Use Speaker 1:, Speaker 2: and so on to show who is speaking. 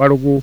Speaker 1: bargo